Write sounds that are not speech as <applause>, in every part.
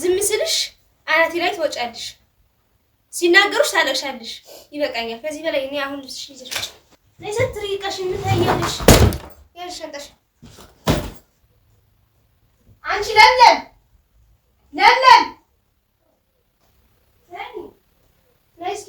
ዝም ስልሽ አናቴ ላይ ትወጫለሽ፣ ሲናገሩሽ ታለቅሻለሽ። ይበቃኛል። ከዚህ በላይ እኔ አሁን ልብስሽ ይዘሽ ነይ ስትሪ ቀሽ የምታያለሽ ያለሽ ሸንጠሽ አንቺ ለምለም ለምለም ነይ እስኪ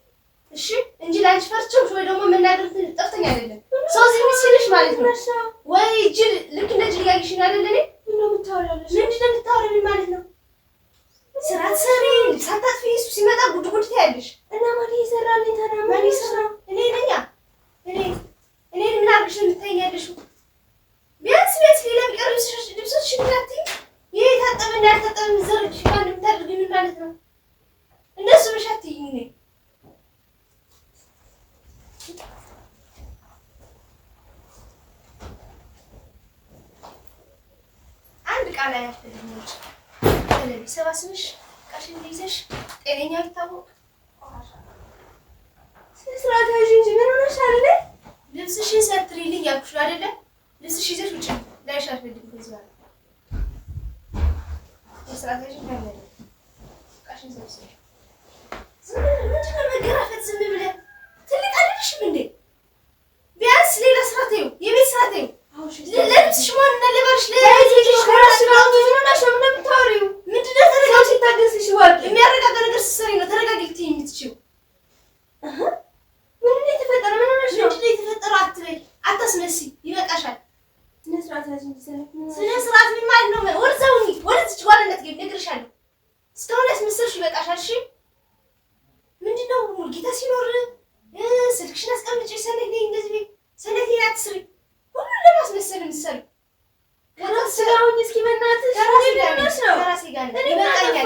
አንቺ ፈርቼውሽ ወይ ደግሞ መናገር ጠፍተኛ አይደለም ሰው እዚህ የሚስልሽ ማለት ነው ወይ ጅል ልክ እንደ ጅል እያየሽኝ ነው አይደል እኔ ምንድን ነው የምታወሪው ማለት ነው። ስራ ትሰሪ ሳታጥፊ እሱ ሲመጣ ጉድጉድ ጉድ ትያለሽ እና ማን ይሰራልኝ ታዲያ ማን ይሰራው Здравствуйте, Кашин Лизеш, Эреня Октаву. ስርዓታዊ ዥንጅብል ሆነሻል። ልብስሽን ሰትሪልኝ ያልኩሽ አይደለ? ልብስሽ ይዘሽ ውጭ ላይሽ አልፈልግም። ከዚህ በኋላ የስርዓታዊ ዥንጅብል ቃሽን ሰብስብ። ምንድን ነው መገራፈት? ዝም ብለህ ትልቅ አይደለሽም እንዴ? ቢያንስ ሌላ ስራ ተይው፣ የቤት ስራ ተይው። ለልብስሽ ማንና ለባልሽ ለልጅሽ ራሱ ራሱ ሆናሽ ነው የምታወሪው ልታገዝሽ ይችላል የሚያረጋጋ ነገር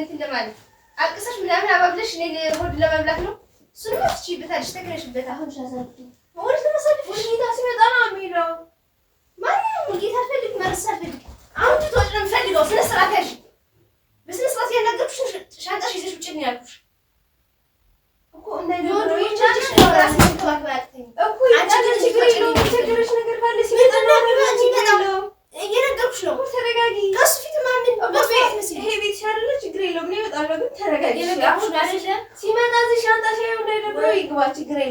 እንትን ለማለት አቅሰሽ ምናምን አባብለሽ እኔ ሆድ ለመብላት ነው። እሱንማ ትችይበታለሽ፣ ተክለሽበት። አሁን ሙሉጌታ ሲመጣ ነው የሚለው ማንም ሙሉጌታ አልፈልግም፣ መረስ አልፈልግም። አሁን ትወጪ ነው የምፈልገው። ስነ ስርዓት ያልሽ፣ በስነ ስርዓት ያናገርኩሽ ሻንጣሽ ይዘሽ ውጭ ነው ያልኩሽ እኮ።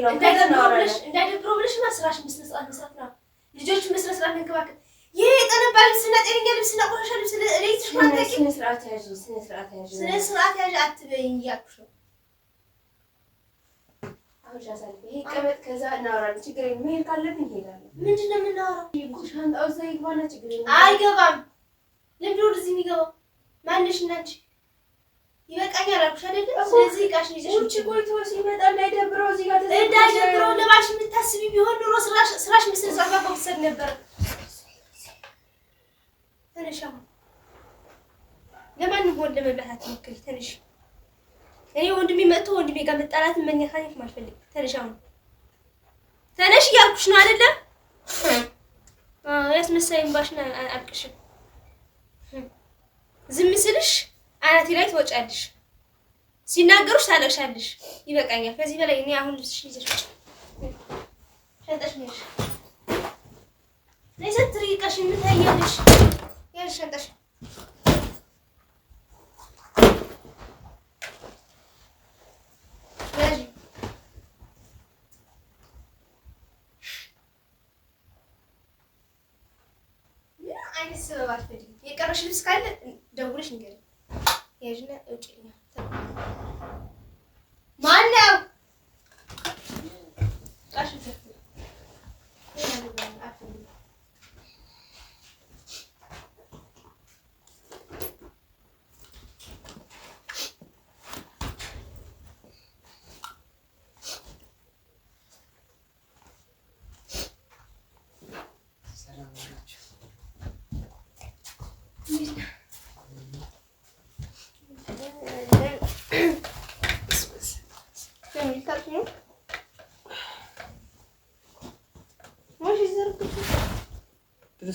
ነው እንዳይደብረው ብለሽማ ስራሽን በስነ ስርዓት መስራት ነው። ልጆችን በስነ ስርዓት መንከባከብ ይሄ የጠነባል ስነ ጤነኛ ልብስና ቆሻሻ ልብስ ለይትሽ ማጠቂ ስነ ስርዓት ያዥ ስነ ስርዓት ያዥ ስነ ስርዓት ያዥ አትበይ እያልኩሽ ነው። አይገባም። ለምንድን ነው ወደዚህ የሚገባው? ማነሽ እናንቺ ይበቃኛል አልኩሽ አይደለ? ስለዚህ እቃሽን ይዘሽ ውጭ ቆይቶ ሲመጣ እንዳይደብረው እዚህ ጋር እንዳይደብረው ለባልሽ የምታስቢ ቢሆን ኑሮ ስራሽ ምስል ጻፋ ከውሰድ ነበር። ተነሽ ለማንም ወንድ ለመብላት አትሞክሪ። ተነሽ እኔ ወንድሜ መጥቶ ወንድሜ ጋር መጣላት መኛካኘት ማልፈልግ። ተነሽ ተነሽ እያልኩሽ ነው አይደለም? ያስመሳይም ባሽን አልቅሽም ዝም ስልሽ አናቴ ላይ ትወጫለሽ፣ ሲናገሩሽ ታለቅሻለሽ። ይበቃኛል። ከዚህ በላይ እኔ አሁን ልብስሽ ይዘሽ ሸንጠሽ ነሽ ለሰት ሸንጠሽ አይነት ስበብ አልፈልግም። የቀረሽ ልብስ ካለ ደውለሽ ንገሪኝ። yerine ödeyeyim. Tamam.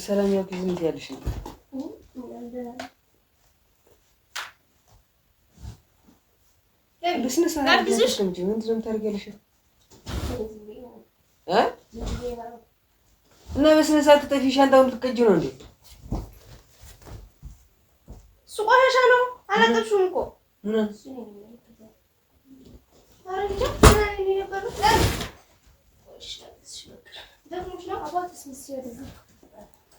ሰላም ያው ጊዜ እንት ያለሽ ነው። ብስነስ አርግዝሽ እንጂ ምን እና በስነ ሰዓት ተጠፊ ሻንጣውን ልትቀጅ ነው እንዴ? እሱ ቆሻሻ ነው። አላቀብሽም እኮ ምን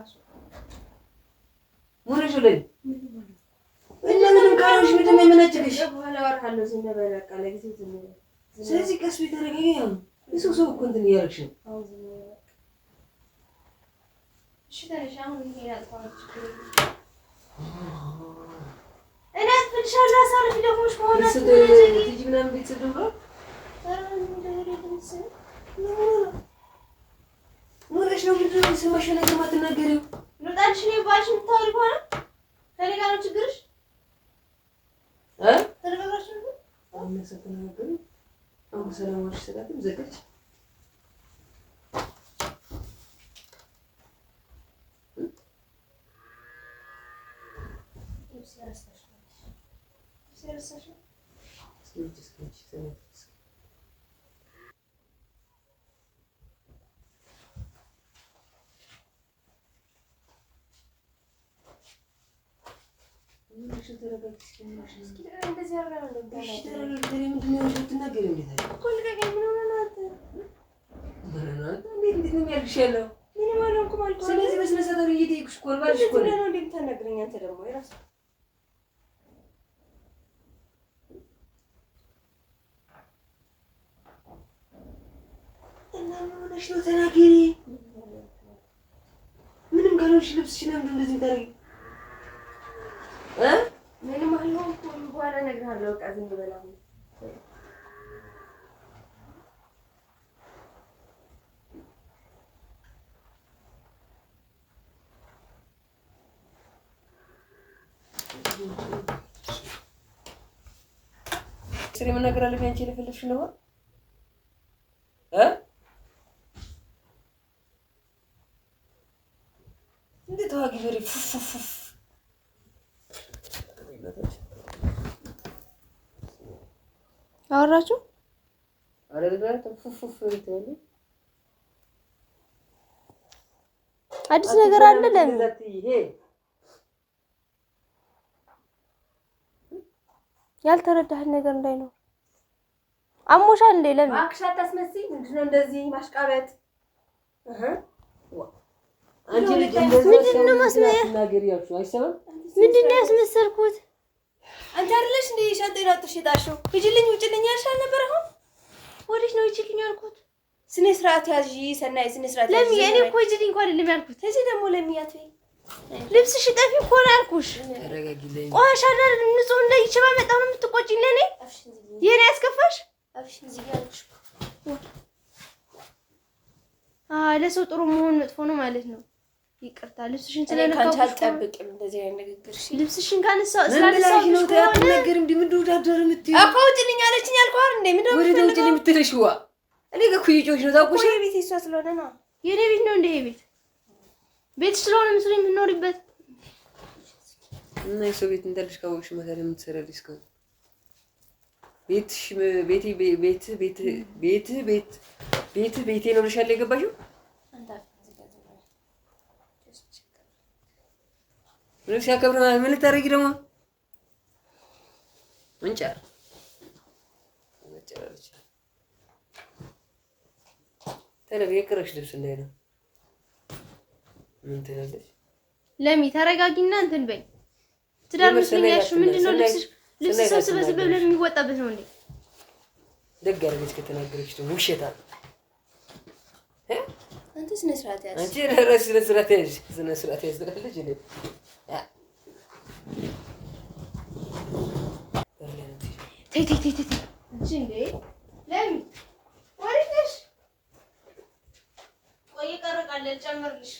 ራሱ ሙሪሽ ላይ እና ምንም ካልሽ ምንም የመነጨልሽ በኋላ ወራለሁ። ዝም በል በቃ ለጊዜ ዝም በል። ስለዚህ ቀስ ቢተረገኝ ያው እሱ ሰው እኮ እንትን እያደረግሽ ነው። እሺ ታዲያ አሁን ይሄ ያልኳችሁ እኔ አትፍልሻለሁ። አሳልፊ ደግሞ ከሆነ ትሄጂ ምናምን ቤት ስደውል ራስሽን በሸነገ ማትናገሪው ኑጣችን የባሽን ታሪክ ሆነ ከኔ ጋር ነው ችግርሽ እ ተነጋግራችሁ ነው ሰላማችሁ ስላትም ዘጋች ተናገሪ። ምንም ካልሆንሽ ልብስሽን እንደዚህ ታደርጊ እነግርሃለሁ። በቃ ዝም ብለህ ስሪ ምን ነገር አለብኝ? አንቺ ልፈልግሽ ነው እ እንዴት ተዋጊ በሬ ፉፍ አወራችሁ? አዲስ ነገር አለ ለምን? ያልተረዳህ ነገር እንዳይኖር አሞሻል እንዴ? ለምን እባክሽ አታስመስይ። ምንድን ነው እንደዚህ ማሽቃበጥ? ምንድን ነው ማስመያ? ምንድን ነው ያስመሰልኩት? አንቺ አይደለሽ እንደ ሻንጣዬን አውጥተሽ የጣልሽው? ሂጂልኝ ውጭልኝ ያልሽ ነበር። አሁን ወዴት ነው ሂጂልኝ አልኩት? ስነ ስርዓት ያዥ ሰናይ፣ ስነ ስርዓት ለሚ። እኔ እኮ ሂጂልኝ እንኳን አይደለም ያልኩት። እዚህ ደግሞ ለሚያት ልብስሽ ጠፊ እኮ ነው ያልኩሽ። ቆሻሻ አይደል ንጹህ እንደ ይችባ መጣሁ ነው የምትቆጪኝ? ለኔ የኔ ያስከፋሽ? አዎ ለሰው ጥሩ መሆን መጥፎ ነው ማለት ነው። ይቅርታ ልብስሽን ስለነካኩሽ እንደዚህ አይነት ንግግር ልብስሽን የምትይው እኮ ውጭልኝ አለችኝ እንዴ ወደ ውጭ ዋ እኔ ጋር ነው ታውቁሽ። ቤት እሷ ስለሆነ ነው የኔ ቤት ነው እንደ ቤት ቤት ስለሆነ ምስሉ የምኖርበት እና የሰው ቤት እንዳለሽ ካወቅሽ መሰለ የምትሰሪያለሽ እስካሁን ቤትሽ ቤት ቤት ቤት ቤት ቤቴ ነው የገባሽው ምንም ሲያከብር ምን ልታደርጊ ደግሞ እንጫ ተለብ የቅረሽ ልብስ እንዳይ ነው። ምን ትላለች ለሚ? ተረጋጊና እንትን በይ። ትዳር መስለኛሽ ምንድነው? ልብስ ልብስ ሰብስበሽ በብለን የሚወጣበት ነው እንዴ? ደግ አድርገሽ ከተናገረች ደግሞ ውሸት አለ። አንተ ስነ ስርዓት ያዝ አንቺ ረሽ ስነ ስርዓት ያዝ ስነ ስርዓት ያዝ ትላለች። እንዴ ተይ ተይ ተይ ተይ እንጂ እንዴ ለምን ወሪሽ ቆይ ቀረቃለ ጨምርልሽ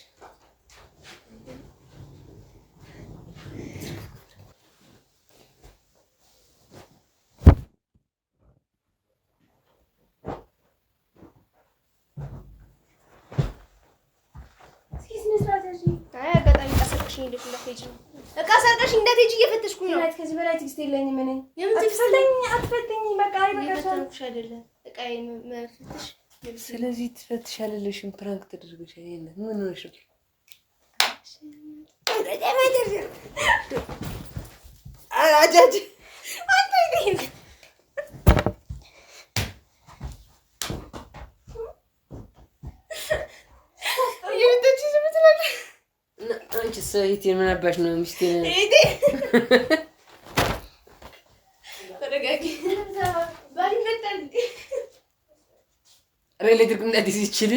እንዴት እንዳትሄጂ ነው? እቃ ሰርቀሽ እንዳትሄጂ እየፈተሽኩ ነው። እናት ከዚህ በላይ ትዕግስት የለኝም እኔ። አትፈተኝ አትፈተኝ፣ በቃ እየፈተንኩሽ አይደለም እቃ መፈተሽ። ስለዚህ ትፈትሻለሽም ፕራንክ ተደርገሽ አይደለም ምን ሆነሽ ነው? አጃጅ አንተ ይሄ አንቺስ እህቴን ምን አባሽ ነው ሚስቴን ሬሌ ድርቅ እንዳዲስ ይችል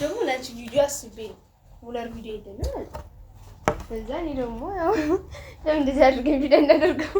ደግሞ ላንቺ ቪዲዮ አስቤ ሙለር ቪዲዮ የለንም። በዛ እኔ ደግሞ ያው እንደዚህ አድርገኝ ቪዲዮ እንዳደርገው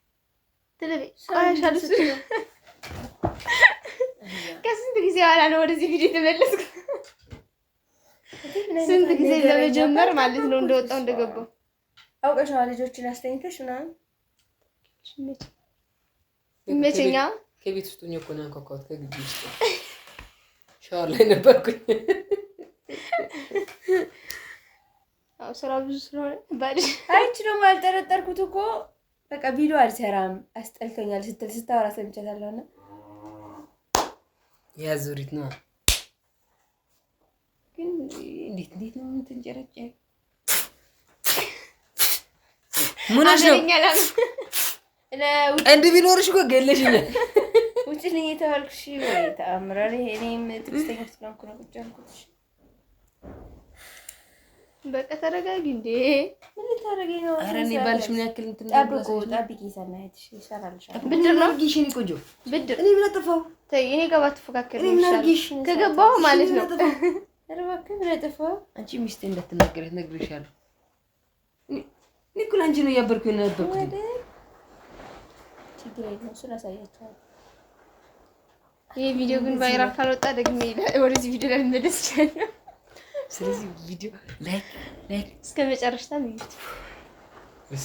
ከስንት ጊዜ በኋላ ነው ወደዚህ ቪዲዮ የተመለስኩ። ስንት ጊዜ ለመጀመር ማለት ነው እንደወጣው እንደገባው አውቀሽ ነዋ። ልጆችን አስተኝተሽ ምናምን ይመቸኛ። ከቤት ውስጥ እኮ ነው ያንኳኳሁት። ከግቢ ውስጥ ሻወር ላይ ነበርኩኝ። ስራ ብዙ ስለሆነ ባልሽ አንቺ ደግሞ ያልጠረጠርኩት እኮ በቃ ቪዲዮ አልሰራም አስጠልቶኛል ስትል ስታወራ ሰምቻታለሁ። እና ያዙሪት ነው ግን እንዴት እንዴት ነው ምትንጨረጨ ሙነሽ ነው ቀንድ ቢኖርሽ እኮ ገለሽኛል። ውጭ ልኝ የተባልኩሽ ተአምራሪ እኔም ትዕግስተኛ ስለሆንኩ ነው ቁጭ ያልኩት። በቃ ተረጋጊ እንዴ! ምን ልታረጊ ነው? ኧረ እኔ ባልሽ ምን ያክል እንትን ጠብቁ፣ ጠብቂ። ሰናይትሽ ይሰራልሻል። ብድር ነው እኔ ቆንጆ ብድር። እኔ ምን አጠፋሁ? ተይ እኔ ጋር ባትፎካከሪ ይሻላል። ከገባሁ ማለት ነው። <laughs> ኧረ እባክህ ምን አጠፋሁ? አንቺ ሚስቴ እንዳትናገሪ ነግሬሻለሁ። እኔ እኮ ለአንቺ ነው እያበርኩ የነበርኩት። ችግር የለም እሱን አሳያቸዋለሁ። ይሄ ቪዲዮ ግን ቫይራል ካልወጣ ደግሜ ወደዚህ ቪዲዮ ላይ ልመለስ ይችላል። ስለዚህ ቪዲዮ ላይክ ላይክ እስከ መጨረሻ